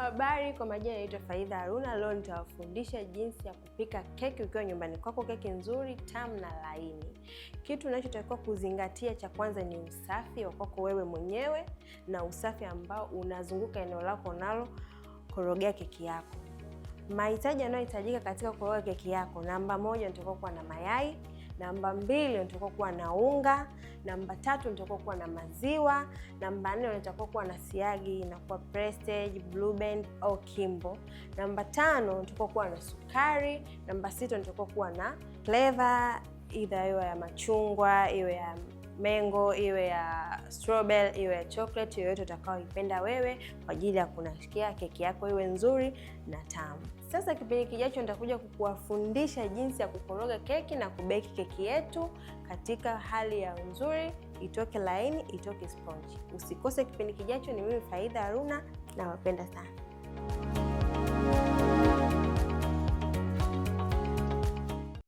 Habari, kwa majina naitwa Faidha Haruna. Leo nitawafundisha jinsi ya kupika keki ukiwa nyumbani kwako, keki nzuri, tamu na laini. Kitu unachotakiwa kuzingatia cha kwanza ni usafi wa kwako wewe mwenyewe na usafi ambao unazunguka eneo lako nalo korogea keki yako. Mahitaji yanayohitajika katika kukoroga keki yako, namba moja, unatakiwa kuwa na mayai. Namba mbili, unatakiwa kuwa na unga. Namba tatu nitakuwa kuwa na maziwa. Namba nne nitakuwa kuwa na siagi, inakuwa Prestige, Blue Band au Kimbo. Namba tano nitakuwa kuwa na sukari. Namba sita nitakuwa kuwa na flavor, idha iwe ya machungwa, iwe ya mango, iwe ya strawberry, iwe ya chocolate, yoyote utakaoipenda wewe kwa ajili ya kunasikia keki yako iwe nzuri na tamu. Sasa kipindi kijacho nitakuja kukuwafundisha jinsi ya kukoroga keki na kubeki keki yetu katika hali ya nzuri, itoke laini, itoke sponge. Usikose kipindi kijacho. Ni mimi Faida Haruna, nawapenda sana.